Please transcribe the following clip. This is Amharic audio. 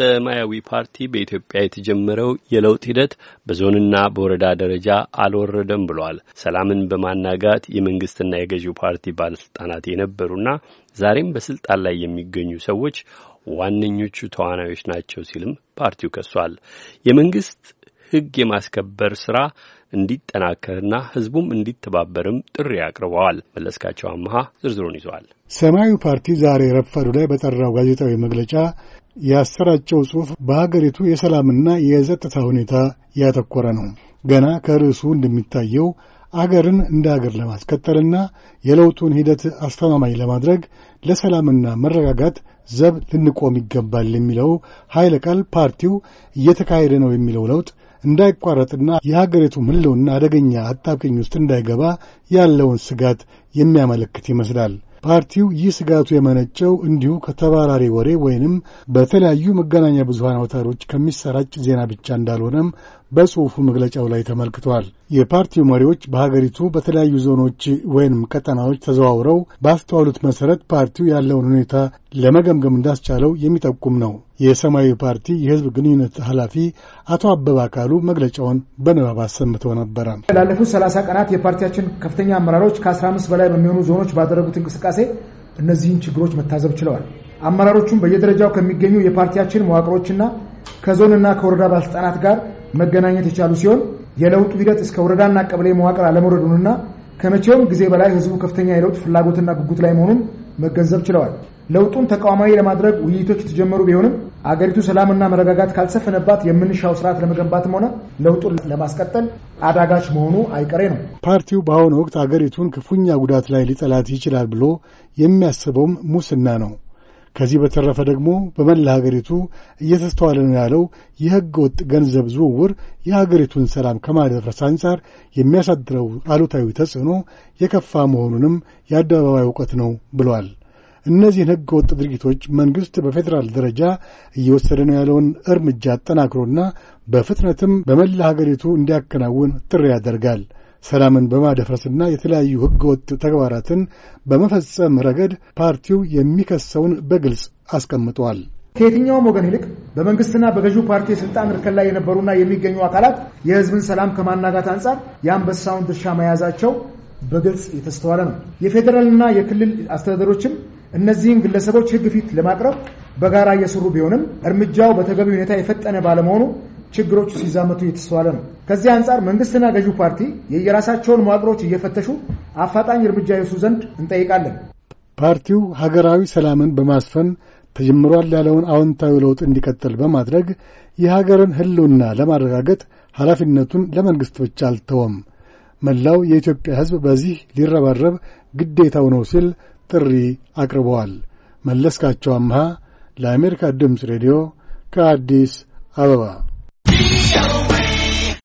ሰማያዊ ፓርቲ በኢትዮጵያ የተጀመረው የለውጥ ሂደት በዞንና በወረዳ ደረጃ አልወረደም ብሏል። ሰላምን በማናጋት የመንግስትና የገዢው ፓርቲ ባለስልጣናት የነበሩና ዛሬም በስልጣን ላይ የሚገኙ ሰዎች ዋነኞቹ ተዋናዮች ናቸው ሲልም ፓርቲው ከሷል። የመንግስት ህግ የማስከበር ስራ እንዲጠናከርና ህዝቡም እንዲተባበርም ጥሪ አቅርበዋል። መለስካቸው አመሃ ዝርዝሩን ይዘዋል። ሰማያዊ ፓርቲ ዛሬ ረፈዱ ላይ በጠራው ጋዜጣዊ መግለጫ ያሰራጨው ጽሑፍ በሀገሪቱ የሰላምና የጸጥታ ሁኔታ ያተኮረ ነው። ገና ከርዕሱ እንደሚታየው አገርን እንደ አገር ለማስቀጠልና የለውጡን ሂደት አስተማማኝ ለማድረግ ለሰላምና መረጋጋት ዘብ ልንቆም ይገባል የሚለው ኃይለ ቃል ፓርቲው እየተካሄደ ነው የሚለው ለውጥ እንዳይቋረጥና የሀገሪቱ ምለውና አደገኛ አጣብቅኝ ውስጥ እንዳይገባ ያለውን ስጋት የሚያመለክት ይመስላል። ፓርቲው ይህ ስጋቱ የመነጨው እንዲሁ ከተባራሪ ወሬ ወይንም በተለያዩ መገናኛ ብዙሃን አውታሮች ከሚሰራጭ ዜና ብቻ እንዳልሆነም በጽሑፉ መግለጫው ላይ ተመልክቷል። የፓርቲው መሪዎች በሀገሪቱ በተለያዩ ዞኖች ወይንም ቀጠናዎች ተዘዋውረው ባስተዋሉት መሠረት ፓርቲው ያለውን ሁኔታ ለመገምገም እንዳስቻለው የሚጠቁም ነው። የሰማያዊ ፓርቲ የህዝብ ግንኙነት ኃላፊ አቶ አበባ አካሉ መግለጫውን በንባብ አሰምተው ነበረ። ላለፉት 30 ቀናት የፓርቲያችን ከፍተኛ አመራሮች ከ15 በላይ በሚሆኑ ዞኖች ባደረጉት እንቅስቃሴ እነዚህን ችግሮች መታዘብ ችለዋል። አመራሮቹም በየደረጃው ከሚገኙ የፓርቲያችን መዋቅሮችና ከዞንና ከወረዳ ባለስልጣናት ጋር መገናኘት የቻሉ ሲሆን የለውጡ ሂደት እስከ ወረዳና ቀበሌ መዋቅር አለመውረዱንና ከመቼውም ጊዜ በላይ ህዝቡ ከፍተኛ የለውጥ ፍላጎትና ጉጉት ላይ መሆኑን መገንዘብ ችለዋል። ለውጡን ተቋማዊ ለማድረግ ውይይቶች የተጀመሩ ቢሆንም አገሪቱ ሰላምና መረጋጋት ካልሰፈነባት የምንሻው ስርዓት ለመገንባትም ሆነ ለውጡን ለማስቀጠል አዳጋች መሆኑ አይቀሬ ነው። ፓርቲው በአሁኑ ወቅት አገሪቱን ክፉኛ ጉዳት ላይ ሊጠላት ይችላል ብሎ የሚያስበውም ሙስና ነው። ከዚህ በተረፈ ደግሞ በመላ ሀገሪቱ እየተስተዋለ ነው ያለው የሕገ ወጥ ገንዘብ ዝውውር የሀገሪቱን ሰላም ከማደፍረስ አንጻር የሚያሳድረው አሉታዊ ተጽዕኖ የከፋ መሆኑንም የአደባባይ እውቀት ነው ብሏል። እነዚህን ሕገ ወጥ ድርጊቶች መንግሥት በፌዴራል ደረጃ እየወሰደ ነው ያለውን እርምጃ አጠናክሮና በፍጥነትም በመላ ሀገሪቱ እንዲያከናውን ጥሪ ያደርጋል። ሰላምን በማደፍረስና የተለያዩ ሕገወጥ ተግባራትን በመፈጸም ረገድ ፓርቲው የሚከሰውን በግልጽ አስቀምጠዋል። ከየትኛውም ወገን ይልቅ በመንግስትና በገዢው ፓርቲ የስልጣን እርከን ላይ የነበሩና የሚገኙ አካላት የህዝብን ሰላም ከማናጋት አንጻር የአንበሳውን ድርሻ መያዛቸው በግልጽ የተስተዋለ ነው። የፌዴራልና የክልል አስተዳደሮችም እነዚህን ግለሰቦች ሕግ ፊት ለማቅረብ በጋራ እየሰሩ ቢሆንም እርምጃው በተገቢ ሁኔታ የፈጠነ ባለመሆኑ ችግሮች ሲዛመቱ እየተስተዋለ ነው። ከዚህ አንጻር መንግስትና ገዢው ፓርቲ የየራሳቸውን መዋቅሮች እየፈተሹ አፋጣኝ እርምጃ ይወስዱ ዘንድ እንጠይቃለን። ፓርቲው ሀገራዊ ሰላምን በማስፈን ተጀምሯል ያለውን አዎንታዊ ለውጥ እንዲቀጥል በማድረግ የሀገርን ህልውና ለማረጋገጥ ኃላፊነቱን ለመንግሥት ብቻ አልተወም፣ መላው የኢትዮጵያ ሕዝብ በዚህ ሊረባረብ ግዴታው ነው ሲል ጥሪ አቅርበዋል። መለስካቸው አምሃ ለአሜሪካ ድምፅ ሬዲዮ ከአዲስ አበባ